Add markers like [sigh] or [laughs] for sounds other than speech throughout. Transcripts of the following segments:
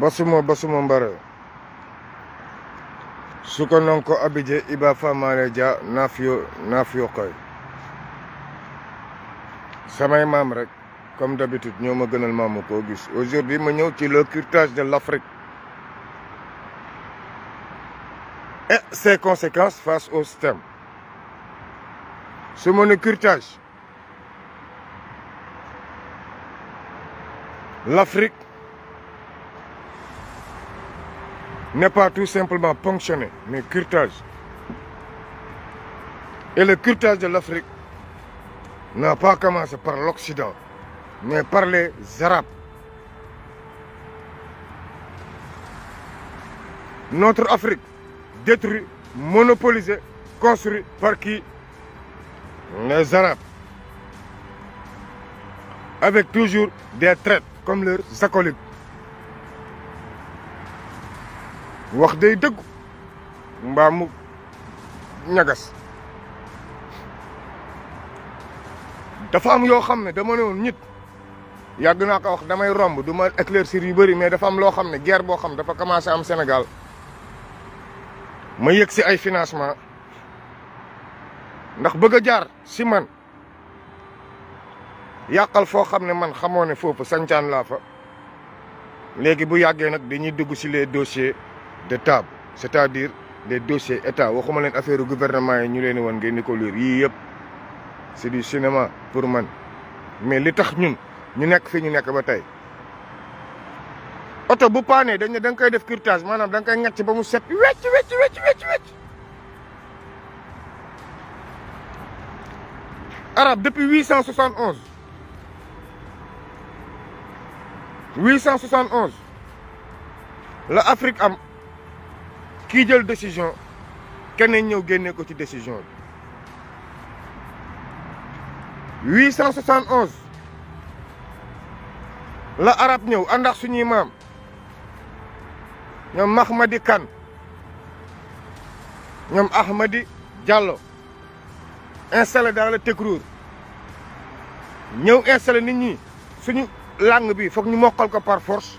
basuma basuma mbare suko ko abije iba famare dia nafiyo koy samay mam rek comme d'habitude ñoma gënal mam ko gis aujourd'hui ma ñëw ci de l'Afrique et ses conséquences face au système Ce ma l'Afrique n'est pas tout simplement ponctionné, mais curtage. Et le curtage de l'Afrique n'a pas commencé par l'Occident, mais par les Arabes. Notre Afrique, détruite, monopolisée, construite par qui Les Arabes. Avec toujours des traites comme leurs acolytes. wax day dëggu mbaa mu ñagas dafa am yo xamne dama neewon nit yag na ko wax damay romb duma éclaircir yu bari mais dafa am lo xamne guerre bo xam dafa commencer am Sénégal ma si ay financement ndax bëgg jaar si man yaqal fo xamne man xamone fofu foofu la fa légui bu yagge nak dañuy dugg ci les dossiers de table c'est-à-dire des dossiers état waxuma leen affaire gouvernement yi ñu leen woon ngeen ni ko lire yii yëpp c'est du cinéma pour man mais li tax ñun ñu nekk fi ñu nekk ba tey oto bu paanee dañ ne da nga koy def curtage maanaam danga nga koy ŋàcc ba mu set wecc wecc wecc wecc depuis huit cent soixante onze huit cent Afrique am Qui donne la décision Qui a génne la décision 871 la arab ñëw ànd ak suñuy maam Mahmadi Ahmadi Diallo installé dans le Tekrour installé nit ñi suñu langue bi ñu quelque ko par force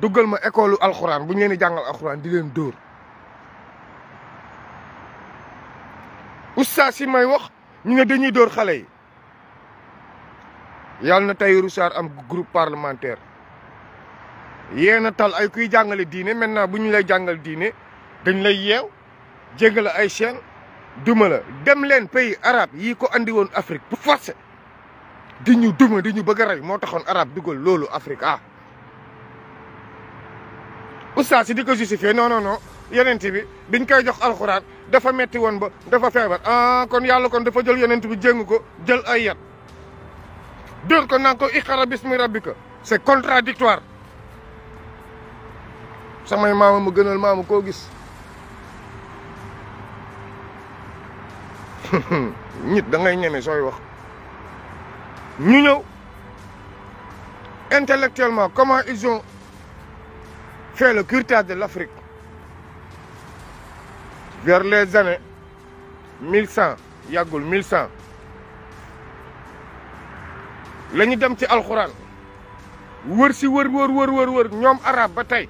duggal ma école alxuraan bu ñu leen di jàngal alxuraan di leen dóor oustaz si may wax ñu ne dañuy dóor xale yi yàlla na Tahirou Sarr am groupe parlementaire yéen na tal ay kuy jàngale diine maintenant bu ñu lay jàngal diine dañ lay yeew jégal ay chaîne duma la dem leen pays arabe yi ko andi woon Afrique bu forcé di ñu duma di ñu bëgg a rey moo taxoon arabe dugal loolu Afrique ah oustaz si di ko justifié non non non yonent bi biñ koy jox alxuraan dafa metti woon ba dafa feebar ah kon yàlla kon dafa jël yonent bi jéng ko jël ay yat dóor ko naan ko iqra bismi rabbika c'est contradictoire samay maama mu gënal maama koo gis [laughs] nit dangay ngay ñeme sooy wax ñu ñëw intellectuellement comment ils ont fait le de l'Afrique vers les années 1100 Yagoul 1100 dem ci War wër war wër wër wër wër war. arab Batay.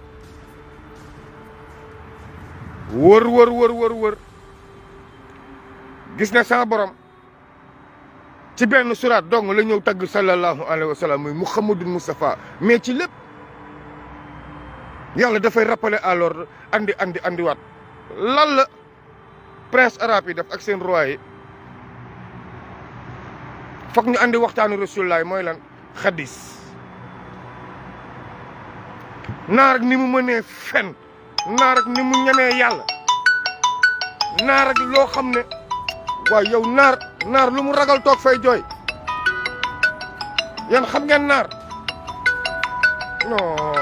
War wër wër wër wër gis na borom ci la wa Mustafa mais da fay rappeler à l'ordre andi andi wat lan la presse arabe yi def ak sen roi yi foog ñu andi waxtanu rasulullaay moy lan hadith nar ak ni mu mënee fen nar ak ni mu ñemee yalla nar ak lo xam wa yow nar nar lu mu ragal tok fay joy yeen xam ngeen nar non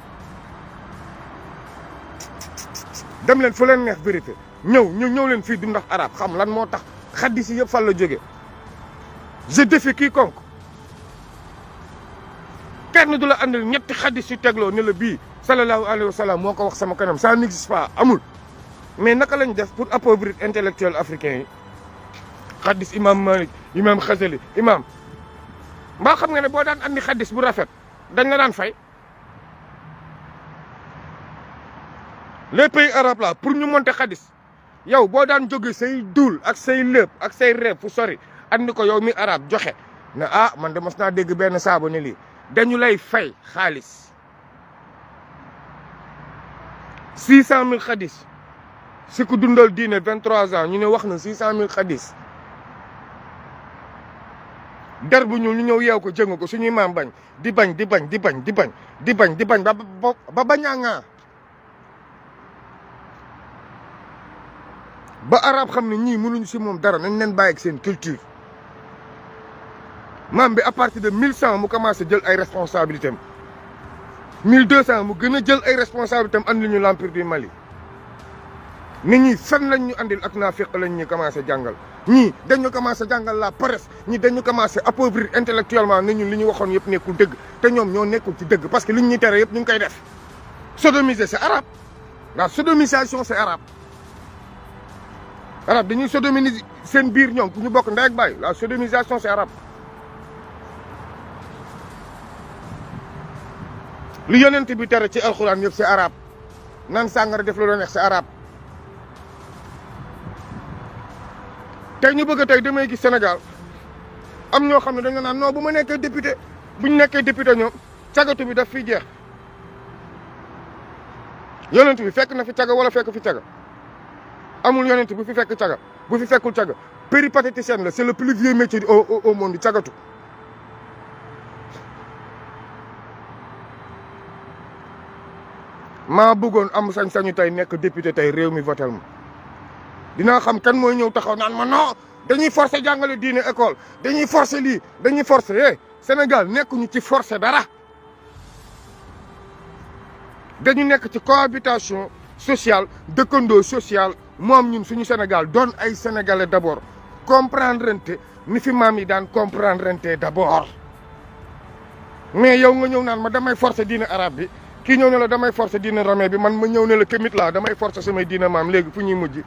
dem len fu len neex vérité ñew ñu ñew len fi du arab xam lan mo tax hadith si yëpp fan la jógee je défie quiconque kenn dula la andil hadith yu teglo ne la bi sallallahu alaihi wasallam moko wax sama kanam ça n'existe pas amul mais naka lañ def pour appauvrir intellectuel africain yi imam malik imam Khazali, imam ba xam nga ne bo daan andi hadith bu rafet dañ la daan fay les pays arabes là pour ñu monter hadith yow bo daan joggé say duul ak say leup ak say rêve fu sori andi ko yow mi arab joxé na ah man de mos dégg ben saabo ni li dañu lay fay khalis 600000 hadith mille ku dundal diiné 23 ans ñu né wax na six cent mille der bu ñuul ñu ñew yeew ko jëng ko suñu maam bañ di bañ di bañ di bañ di bañ di bañ di bañ ba ba bañaa ba arab qu'ils ne ñii pas dara culture Mambe, à partir de 1100 nous mu commencé jël des responsabilités 1200, mu de jël responsabilités pour l'empire du Mali ñi à lañ ñu andil ak naa lañ commencé jàngal dañu commencé la paresse Nous dañu commencé appauvrir intellectuellement ce ñun li à nekkul dëgg parce que liñ ñu que yëpp ñu ngi koy sodomiser c'est arabe la sodomisation c'est arabe arab dañuy sodomiser sen bir ñom ñu bok ndey ak bàyyi la sodomisation c'est arab li yonent bi tere ci alquran yëpp c'est arab nan sangara def lu do neex c'est arab tay ñu bëgg tay demay gi Sénégal am ño xamne dañu naan no buma nekké député buñu nekké député ñom cagatu bi daf fi jeex yonent bi fekk na fi caga wala fekk fi caga amul yonent bu fi fekk tiaga bu fi fekkul tiaga péripatéticienne la c'est le plus vieux métier au au monde cagatu. Ma bëggoon am sañ-sañu tay nek député tay réew mi votel mo dina xam kan moy ñew taxaw naan ma non dañuy forcer jàngale diiné école dañuy forcer li, dañuy forcer eh Sénégal ñu ci forcer dara. dañu nek ci cohabitation sociale dëkkandoo sociale nous ñun suñu Sénégal doon ay sénégalais d'abord, comprendre nous, ni fi yi daan comprendre d'abord. mais yow nga ñew naan ma damay forcer diine arab bi ki ñew ne la damay forcer diine romain bi man ma ñew ne la kemit la damay forcer sama diine mam légui fu ñuy mujj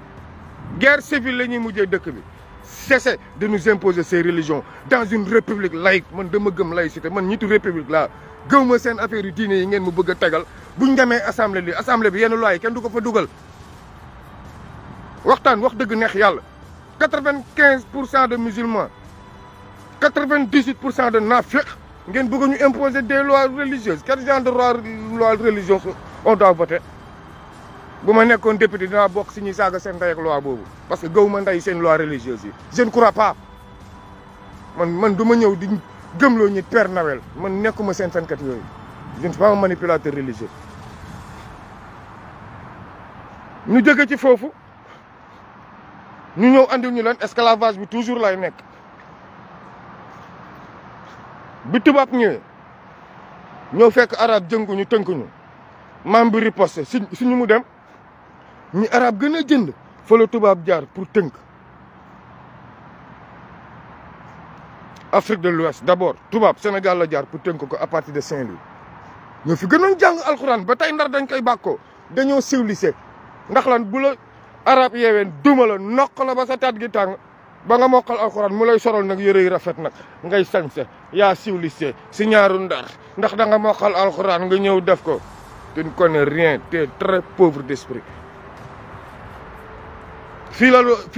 guerre civile la ñuy dëkk bi cesser de nous imposer ces religions dans une république laïque man dama gëm laïcité man ñittu république la gëw seen affaire yu diine yi ngeen mu bëgg tégal buñu démé assemblée li assemblée bi yenn loi yi kenn du fa duggal waxtaan wax deug neex yalla 95% de musulmans 98% de nafiq ngeen bëggu ñu imposer des lois religieuses quel genre de loi religieuse on doit voter buma nekkon député dina bokk si saga saaga seen ndey ak loi bobu parce que gëw ma ndey seen loi religieuse yi je ne crois pas man man duma ñew di gëmlo ñi Père Nawel man nekkuma seen fenkat yooyu je ne suis pas un manipulateur religieux ñu jóge ci foofu nous avons andil ñu leen toujours lay nekk bi tubaab ñëwee ñoo fekk arab jëngu ñu tënk ñu riposte si dem ñi arab les jënd pour tënk. Afrique de l'Ouest d'abord le Sénégal la jaar pour tënk à partir de Saint-Louis ont fait nous jàng alxuraan ba tey ndar dañ koy dañoo civiliser. ndax lan arab yeeween duma la noq la ba sa taat gi tàng ba nga mokkal alxuraan mu lay sorol nag yëre yu rafet nag ngay sañse yaa siwlise si ñaaru ndar ndax da nga mokkal alxuraan nga ñëw def ko tu ne connais rien t'es très pauvre d'esprit fii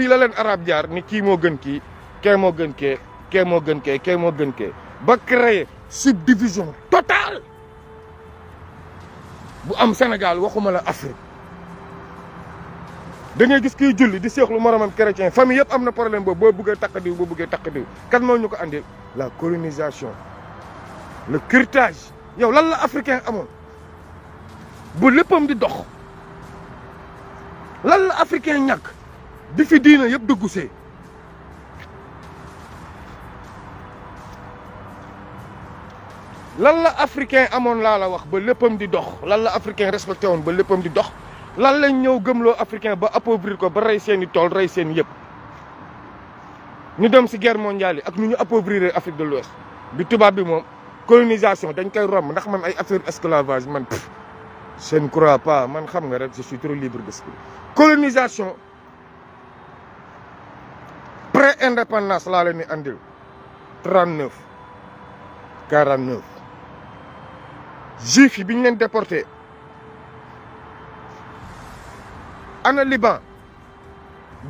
la leen arab jaar ni kii moo gën kii kee moo gën kee kee moo gën kee moo gën ba créer subdivision totale bu am Sénégal waxuma la Afrique da ngay gis kiy julli di seexlu moromam chrétien famille yëpp am na problème boobu boo bëggee takk diw boo bëggee takk diw kan moo ñu ko andil la colonisation le curtage yow lan la africain amoon bu léppam di dox lan la africain ñàkk di fi diina yëpp duggusee lan la africain amoon laa la wax ba léppam di dox lan la africain respecté woon ba léppam di dox lan lañ ñëw gëmlo africain ba appauvrir ko ba ray seen tool ray seen ñu dem guerre mondiale et ak ñu ñu appauvrir Afrique de l'Ouest bi tuba bi La colonisation dañ koy rom ndax man ay affaire esclavage je ne crois pas man xam nga rek je suis trop libre d'esprit colonisation pré indépendance la leen andil 39 49 juif yi sont déportés. ana Liban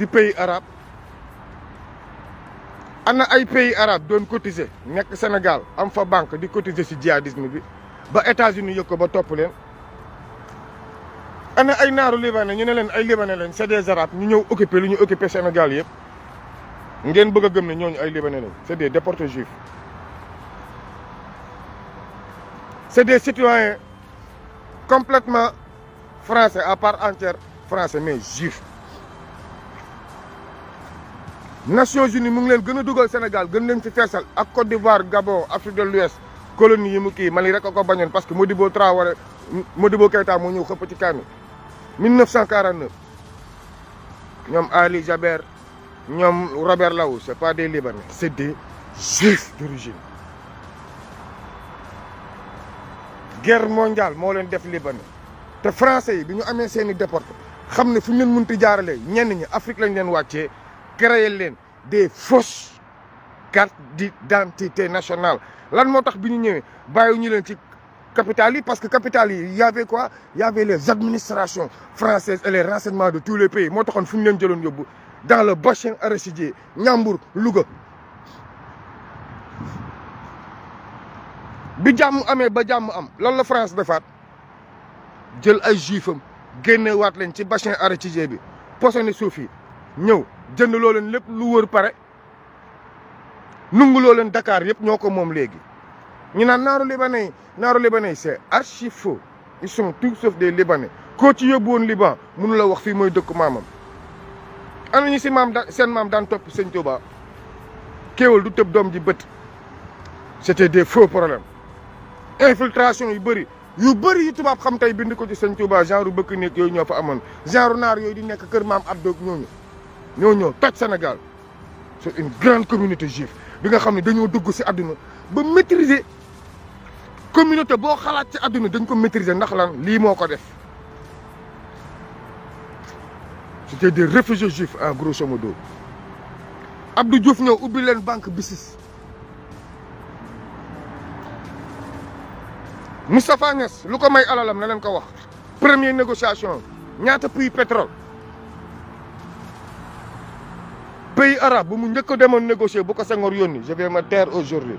du pays arabe ana ay pays arabe doon cotiser nek Sénégal am fa banque di cotiser ci djihadisme bi ba États-Unis yëg ko ba top len ana ay naaru libanais ñu ne len ay libanais len c'est des arabes ñu ñëw occuper lu ñu occuper Sénégal yëpp ngeen bëgg a gëm ne ñooñu ay libanais c'est des déportés juifs c'est des citoyens complètement français à part entière français mais juif Nations Unies mu ngi leen Sénégal gën leen ci Côte d'Ivoire Gabon Afrique de l'Ouest colonie yi mu kii Mali parce que Modibo Traoré Modibo Keïta moo Côte xëpp 1949 ñoom Ali Jaber ñoom Robert ce c'est pas des Libanais c'est des juifs d'origine guerre mondiale moo des def Libanais les français ont bi ñu xam ne fu ñu leen munti jaarale ñenn ñi Afrique lañ leen wàccee créer leen des fausses cartes d'identité nationale lan moo tax bi ñu ñëwee ñu leen ci capitale parce que capitale yi y avait quoi y avait les administrations françaises et les renseignements de tous les pays moo taxoon fu ñu leen jëloon dans le bassin arachidier Ñambur Louga bi jàmm amee ba jàmm am lan la France defaat jël ay juifam génne waat leen ci bassin arachidier bi posone suuf yi ñëw jënd loo leen lépp lu wër pare nungu loo leen Dakar yëpp ñoo ko moom léegi ñu naan naaru libanais naaru libanais c'est archi faux ils sont tout sauf des libanais koo ci yóbbu Liban mënu la wax fii mooy dëkk maamam ana ñu si maam seen maam daan topp sëñ Touba kéewal du tëb doom ji bët c'était des faux problèmes infiltration yu bëri yu bëri yi tubaab xam tey bind ko ci sëñ Touba genre bëkk néeg yooyu ñoo fa amoon genre naar yooyu di nekk kër maam Abdou ñooñu ñoo ñëw toj Sénégal c'est une grande communauté juive bi nga xam ne dañoo dugg si adduna ba métrisé communauté boo xalaat ci àdduna dañ ko maîtriser ndax lan lii moo ko def c'était des réfugiés juifs en grosso modo Abdou Diouf ñëw ubbi leen banque bisis Moustapha Niass lu ko may alalam na len ko wax premier négociation ñaata puits pétrole pays arab bu mu ñëk demon négocier bu ko sangor yoni je vais me taire aujourd'hui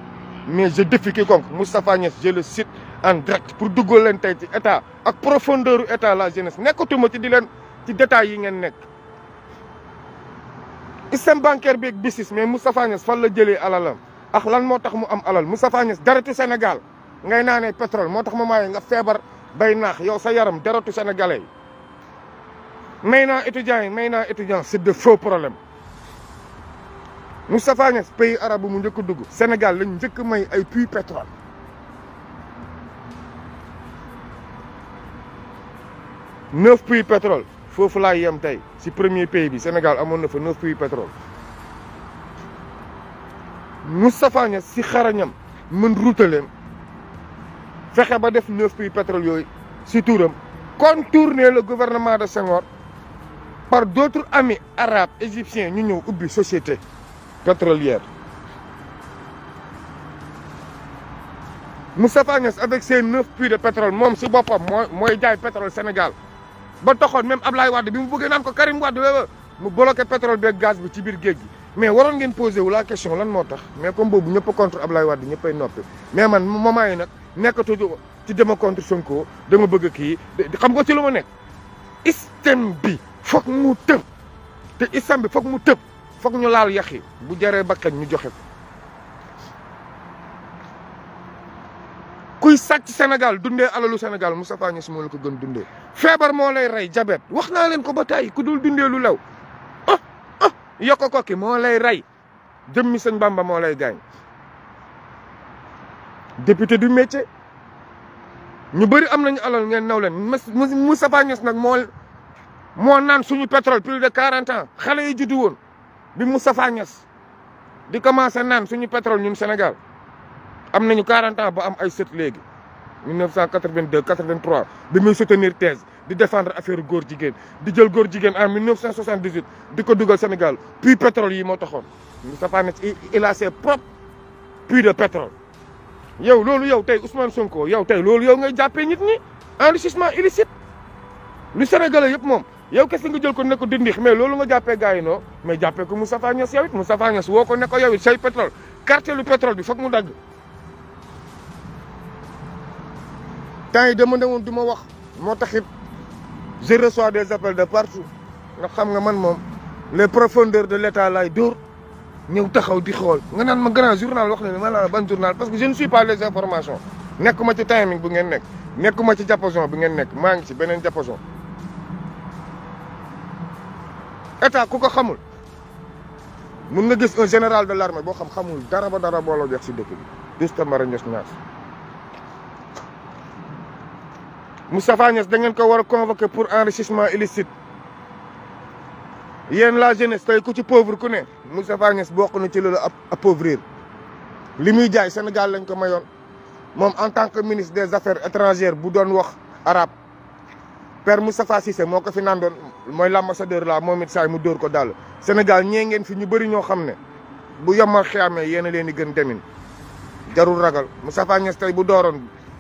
mais je défie quiconque Moustapha Niass je le cite en direct pour duggal len tay ci état ak profondeur état la jeunesse nekkatuma ci di len ci détail yi ngeen nekk système bancaire bi ak business mais Moustapha Niass fa la jëlé alalam ak lan mo tax mu am alal Moustapha Niass dara ci Sénégal ngay naanee pétrole moo tax ma yi nga feebar bay naax yow sa yaram deretu sénégalais may naa étudiants may naa étudiants c'est de faux problème Moustapha Niass pays arabe mu njëkk dugg senegal lañ njëkk may ay puits pétrole neuf puits pétrole foofu laay yem tey si premier pays bi senegal amoon na fa neuf puits pétrole Moustapha Niass si xarañam mën route leen a fait de 9 de pétroliers sur contourner le gouvernement de Senghor par d'autres amis arabes, égyptiens, nous avons oublié société pétrolière. Moussa Fagnes, avec ses 9 puits de pétrole, moi, je suis bon, moi, pétrole au Sénégal. Je suis même Wade, bloqué le pétrole et le gaz, mais waroon ngeen posé wu la question lan moo tax mais comme boobu ñëpp contre Ablaye Wade ñëppay noppi mais man moment yi nag nekkatu ci dama contre Sonko dama bëgg kii xam nga ci lu ma nekk système bi foog mu tëb te bi foog mu tëb foog ñu laal yax yi bu jaree bakkan ñu joxe kuy sàcc Sénégal dundee alalu Sénégal Moustapha Niasse moo la ko gën dundee feebar moo lay rey jabet wax naa leen ko ba tey ku dul dundee lu lew yokk ko moo lay ray jëmmi sëñ Bamba moo lay gaañ député du métier ñu bëri am nañu alal ngeen naw leen Moustapha Niasse nag moo moo naan suñu pétrole plus de quarante ans xale yi juddu woon bi Moustapha Niasse di commencé naan suñu pétrole ñun Sénégal am nañu quarante ans ba am ay sët léegi 1982 83 bi muy soutenir thèse di défendre affaire góor jigéen di jël góor jigéen en 1978 de conduire dugal Sénégal puis pétrole yi moo taxoon Moustapha Niasse il a ses propres puits de pétrole yow lolo yow tey Ousmane Sonko yow tey loolu yow ngay jàppee nit ni, enrichissement illicite lu sénégalais yëpp moom yow kese nga jël ko ne ko dindix mais loolu nga jàppee gars yi noo mais jàppee ko Moustapha Niasse yow it Moustapha Niasse woo ko ne ko yow it say pétrole cartelu pétrole bi foog mu dagg temps yi dama ne woon du ma wax moo tax je reçois des appels de partout Je sais que les profondeurs de l'état sont dóor pas taxaw di nga grand journal je ne ma pas journal parce que je ne suis pas les informations timing bu ngeen diapason ne ngeen un général de l'armée ne xam xamul dara ba dara Moustapha Niass da ngeen ko war a convoquer pour enrichissement illicite yéen la jeunesse tey ku ci pauvre ku ne Moustapha Niass bokk na ci loolu appauvrir li muy jaay Sénégal lañ ko mayoon moom en tant que ministre des affaires étrangères bu doon wax arabe père Moustapha Cissé moo ko fi nandoon mooy l'ambassadeur la moom it saay mu dóor ko daal Sénégal ñee ngeen fi ñu bëri ñoo xam ne bu yomal xiyaamee yéen a leen di gën demin jarul ragal Moustapha Niass tey bu dooroon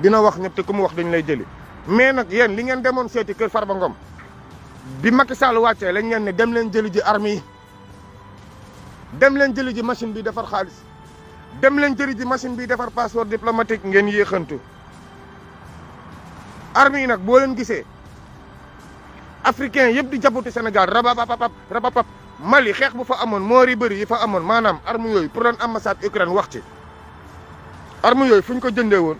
dina wax ñepp te ku mu wax dañ lay jëli mais nak yeen li ngeen demone séti keur Farba Ngom bi Macky Sall waccé lañ leen ne dem leen jëli ji armée dem leen jëli ji machine bi défar xaaliss dem leen jëli ji machine bi défar passeport diplomatique ngeen yéexantu armes yi nag leen gisee africain yépp di jabatu Sénégal rabapapap rabapap Mali xex bu fa amoon moori bëri yi fa amone manam armée yoy pour doon ambassade Ukraine wax ci armée yoy fuñ ko jëndé won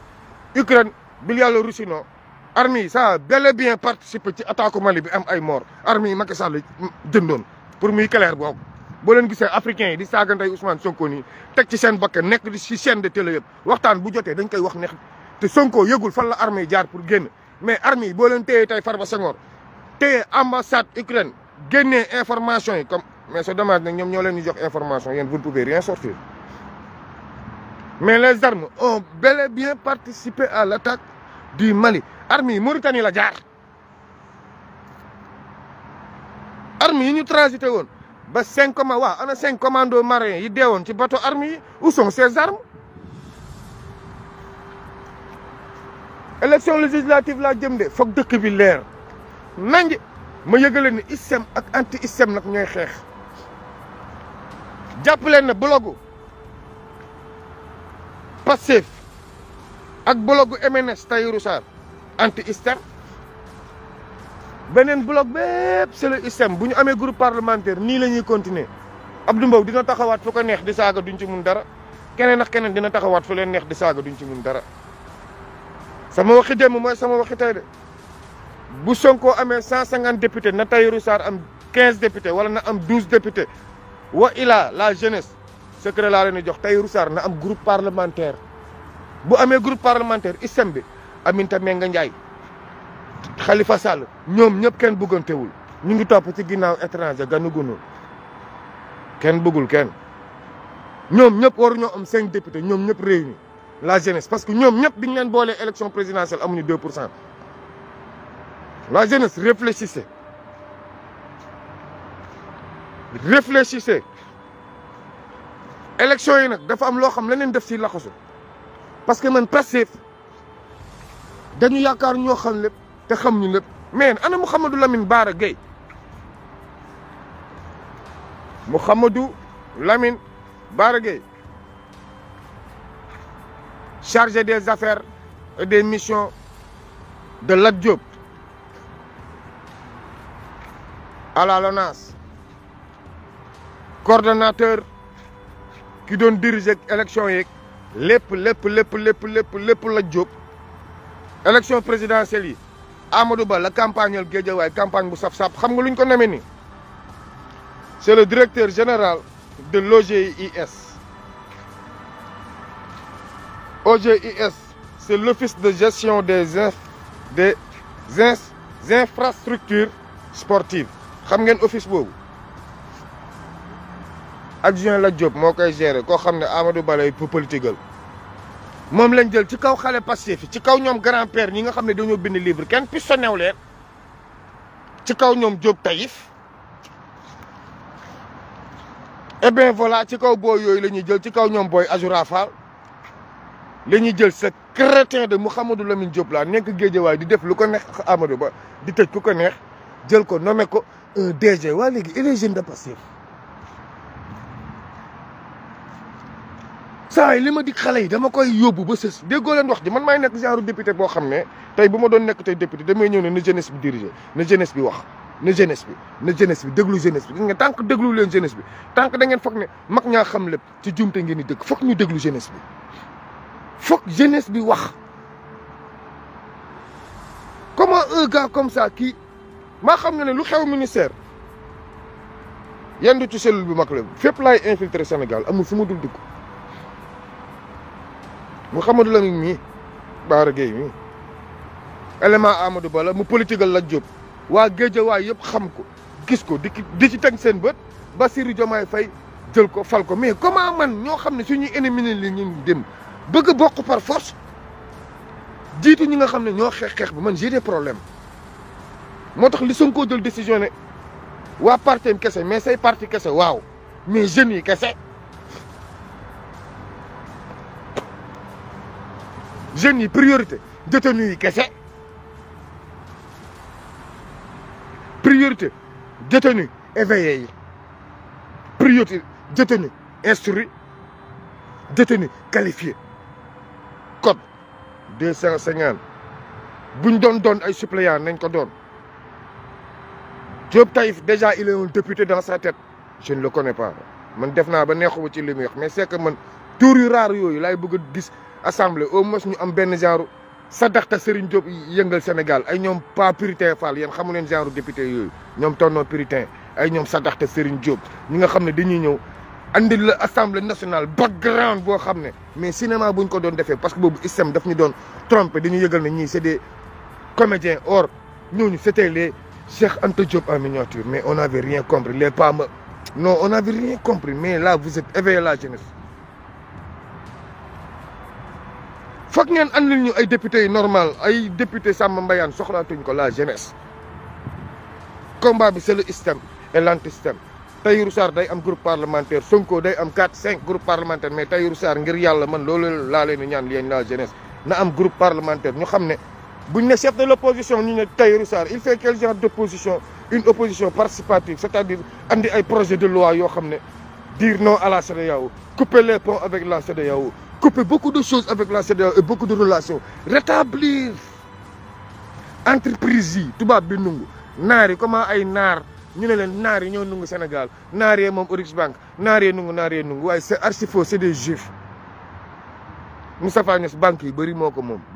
Ukraine bi yàlla Russie non armée yi ça bien participe ci attaque Mali bi am ay mort armée yi Macky Sall jëndoon pour muy clair boobu. boo leen gisee africains yi di saagantey Ousmane Sonko nii teg ci seen bakkan nekk ci chaîne de télé waxtaan bu jotee dañ koy wax neex te Sonko yëgul fan la armée yi jaar pour génn mais armée yi boo leen téyee tey Farba Senghor téye ambassade Ukraine génnee information yi comme mais c'est dommage nag ñoom ñoo leen di jox information yen vous ne pouvez rien mais les armes ont bel et bien participé à l'attaque du Mali Armée Mauritanie la jaar Armée de ñu transité won ba cinq commandos ana cinq commandos marins yi deewoon ci bateau armée où sont ces armes élection législative la jëm de foog dëkk bi lèr. nangi ma yëgale ni ISEM ak anti ISEM nak ñoy xex. jàpp na ne Pastef ak blogu MNS Tahirou Sarr anti système beneen bloc bépp c'est le bu ñu amee groupe parlementaire nii la ñuy continuer Abdou Mbow dina taxawaat fu neex di saaga duñ ci mun dara keneen ak keneen dina taxawaat fu leen neex di saaga duñ ci mun dara sama waxi démb mooy sama waxi de bu Sonko amee cent cinquante députés na Tahirou Sarr am quinze députés wala na am douze députés wa ilaa la jeunesse secret laa leen jox Tahirou Sarr na am groupe parlementaire bu amee groupe parlementaire ISEM bi Aminata Mbengue Ndiaye xalifa Sall ñoom ñëpp kenn bëggantewul ñu ngi topp ci ginnaaw étranger ganugunu kenn bëggul kenn ñoom ñëpp waruñoo am cinq députés ñoom ñëpp réunis la jeunesse parce que ñoom ñëpp biñ leen boolee élection présidentielle amuñu deux pour cent la jeunesse réfléchissez réfléchissez élection yi nag dafa am lo xam leneen def ci laxasu parce que man passif dañu yaakaar ño xam lépp te xam ñu lépp mais ana Mouhamadou Lamine Bara gay Mouhamadou Lamine Bara gay chargé des affaires et des missions de l'adjob à la lonas coordonnateur Qui donne diriger élection les lépp lépp lépp lépp lépp la job élection présidentielle Amadou Ba la campagne, la campagne la campagne saf xam c'est le directeur général de l'OGIS OGIS c'est l'office de gestion des des infrastructures sportives xam l'office office adjoint la Diop moo koy gérer koo xam ne Amadou Ba lay politigal moom lañ jël ci kaw xale Pastef ci kaw ñoom grand père ñi nga xam ne dañoo bind livre kenn pistonneew leen ci kaw ñoom Diop Taïf et eh bien voilà ci kaw booy yooyu la ñuy jël ci kaw ñoom booy Azoura Fall la ñuy jël sa crétin de Mouhamadou Lamine Diop laa nekk géejewaay di def lu ko neex Amadou Ba di tëj ku ko neex jël ko nome ko un DG waa léegi il de Pastef saay lima li ma di xale yi dama koy yobbu ba sës déggoo leen wax di man may nek genre député bo xamné tay buma doon député dama ñëw né jeunesse bi diriger né jeunesse bi wax né jeunesse bi né jeunesse bi deglu jeunesse bi nga tank que len jeunesse bi tank da ngeen fokk ne mak ñaa xam lepp ci jumté ngeen di dëgg fokk ñu déglu jeunesse bi fokk jeunesse bi wax comment un gars comme ça qui ma xam ne ne lu xew ministère yendu ci cellule bi mak lepp fépp lay infiltrer Sénégal amu fu mu dul dugg Mouhamadou Lamine mii Baara Gueye mii élément Amadou Ba la mu politique la Jóob waa Géejawaay yëpp xam ko gis ko di di ci teg seen bët ba Bassirou Diomaye Faye jël ko fal ko mais comment man ñoo xam ne suñuy ennemis li ñu dem bëgg bokk par force jiitu ñi nga xam ne ñoo xeex xeex bi man j'ai des problèmes moo tax li Sonko jël décision ne waa parti kese mais say parti kese waaw mais jeunes yi kese. J'ai une priorité détenu. yi ça? priorité détenu, éveillé. priorité détenu, instruit. Détenu, qualifié. code deux cent cinquante buñ doon doon ay suppléants nañ ko Taïf déjà il est un député dans sa tête je ne le connais pas man ne naa ba neexuma ci li mais c'est que je suis rare, il a beaucoup bëgg assemblée au moins ñu am benn genre sa daxta Serigne Diop yëngal Sénégal ay ñom pas puritain Fall yeen xamu leen genre député yooyu ñom tonno puritain ay ñom sa daxta Serigne Diop ñi nga xam dañuy ñëw andil la assemblée nationale background boo xam mais cinéma buñ ko doon défé parce que bobu système daf ñu doon tromper dañu yëgal ni c'est des comédiens or ñooñu c'était les Cheikh Anta Diop en miniature mais on avait rien compris les pas non on avait rien compris mais là vous êtes éveillé la jeunesse foog ngeen andil ñu ay député normal ay député Samba Mbayaan soxlaatuñ ko la jeunesse combat bi c'est le système et l'anti-système Roussard a day am groupe parlementaire Sonko day am 4 5 groupes parlementaire mais Taïr Roussard, ngir yàlla man loolu laa ñaan la jeunesse na am groupe parlementaire ñu xam ne buñ chef de l'opposition ñu ne il fait quel genre d'opposition une opposition participative c'est-à-dire andi ay projet de loi yo dire non à la CEDEAO couper les ponts avec la CEDEAO couper beaucoup de choses avec la CDA et beaucoup de relations rétablir entreprise Tout bi nungu comment ay nous ñu leen Sénégal Nari est mon Bank Nari nungu Nari c'est archi faux c'est des juifs Moustapha savons Nous yi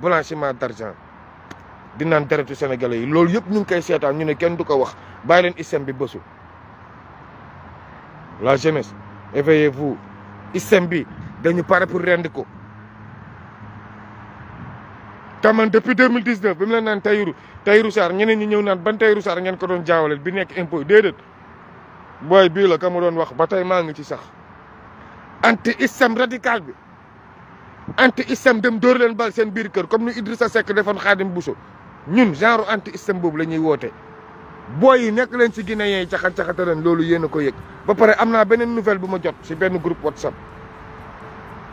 blanchiment d'argent di naan sénégalais yi sommes yëpp ñu nous koy Nous ñu ne kenn du wax sommes leen la jeunesse éveillez-vous ISEM dañu paré pour rend ko te depuis 2019 bimu la nane tayru tayru sar ñeneen ñi ñew naan ban tayru sar ngeen ko doon jaawale bi nek impôt dedet boy bi la ka doon wax ba tey maa ngi ci sax anti islam radical bi anti islam dem door leen bal sen biir keur comme ni Idrissa sek defon Khadim Bousso ñun genre anti islam bobu lañuy wote boy booy yi nekk leen ci Guinée yi caxat caxata leen loolu yéen ko yek ba pare amna benen nouvelle bu jot ci benn groupe WhatsApp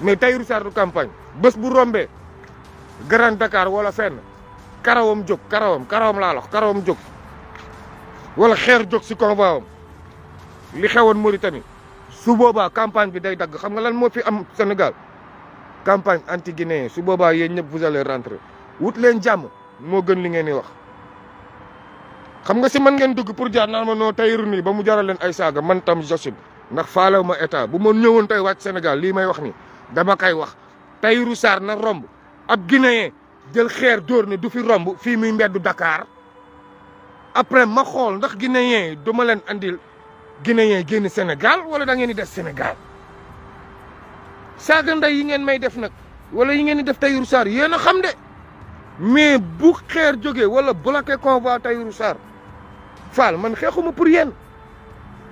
mais Tahirou Sarr campagne bes bu rombé Grand Dakar wala fenn karawam jog karawam karawam la lox karawam jog wala xeer jog si convoi li xewon Mauritanie su boba campagne bi day dag xam nga lan mo fi am senegal campagne anti guinéen su boba yeen ñep vous allez rentrer wut len jàmm mo gën li ngeen wax. xam nga si man ngeen dugg pour jaar naan ma noo Tahirou nii ba mu jaral len ay saga man tam josib ndax faalaw ma état bu mo ñewon tay wacc senegal li may wax ni dama koy wax Tahirou Sarr na romb ab guinéen jël xeer dóor ne du fi romb fii muy mbeddu dakaar après ma xool ndax guinéen du ma leen andil guinéen génn Sénégal wala da ngeen di des Sénégal saaga ndey yi ngeen may def nag wala yi ngeen di def Tahirou Sarr yéen a xam de mais bu xeer jóge wala bloqué convoi Tahirou Sarr man xeexuma pour yéen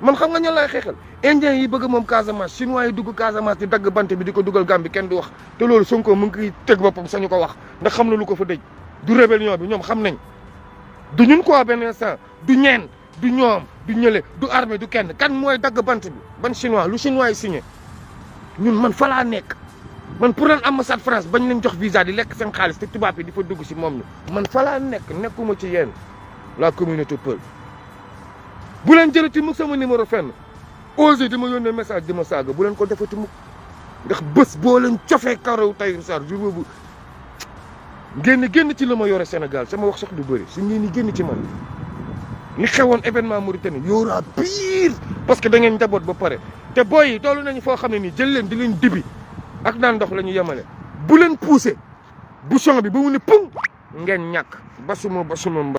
man xam nga ñan laay xeexal indien yi bëgg moom Casamance chinois yi dugg Casamance di dagg bant bi di ko dugal Gambie kenn du wax te loolu Sonko mu ngi teg sa sañu ko wax ndax xam na lu ko fa dëj du rébellion bi ñoom xam nañ du ñun ko benn instant du ñeen du ñoom du ñële du armée du kenn kan mooy dagg bant bi ban chinois lu chinois yi signé ñun man fa nekk man pour lan ambassade France bañ leen jox visa di lekk seen xaalis te tubaab yi di fa dugg si moom ñu man fa nekk nekkuma ci yéen la communauté Peul. bu leen jëlati mukk sama numéro fenn osé di ma yónnee message di ma saaga bu leen ko defati mukk ndax bés boo leen cofee karaw Tahirou Sarr jour boobu génn génn ci la ma yore Sénégal sama wax sax du bëri su ngeen ni génn ci man li xewoon événement Mauritanie yooraa pire parce que da ngeen njaboot ba pare te boy yi toll nañu foo xam ne nii jël leen di leen dibi ak naan ndox la ñu yemale bu leen poussé bouchon bi ba mu ngeen pum ngeen ñàkk basuma basuma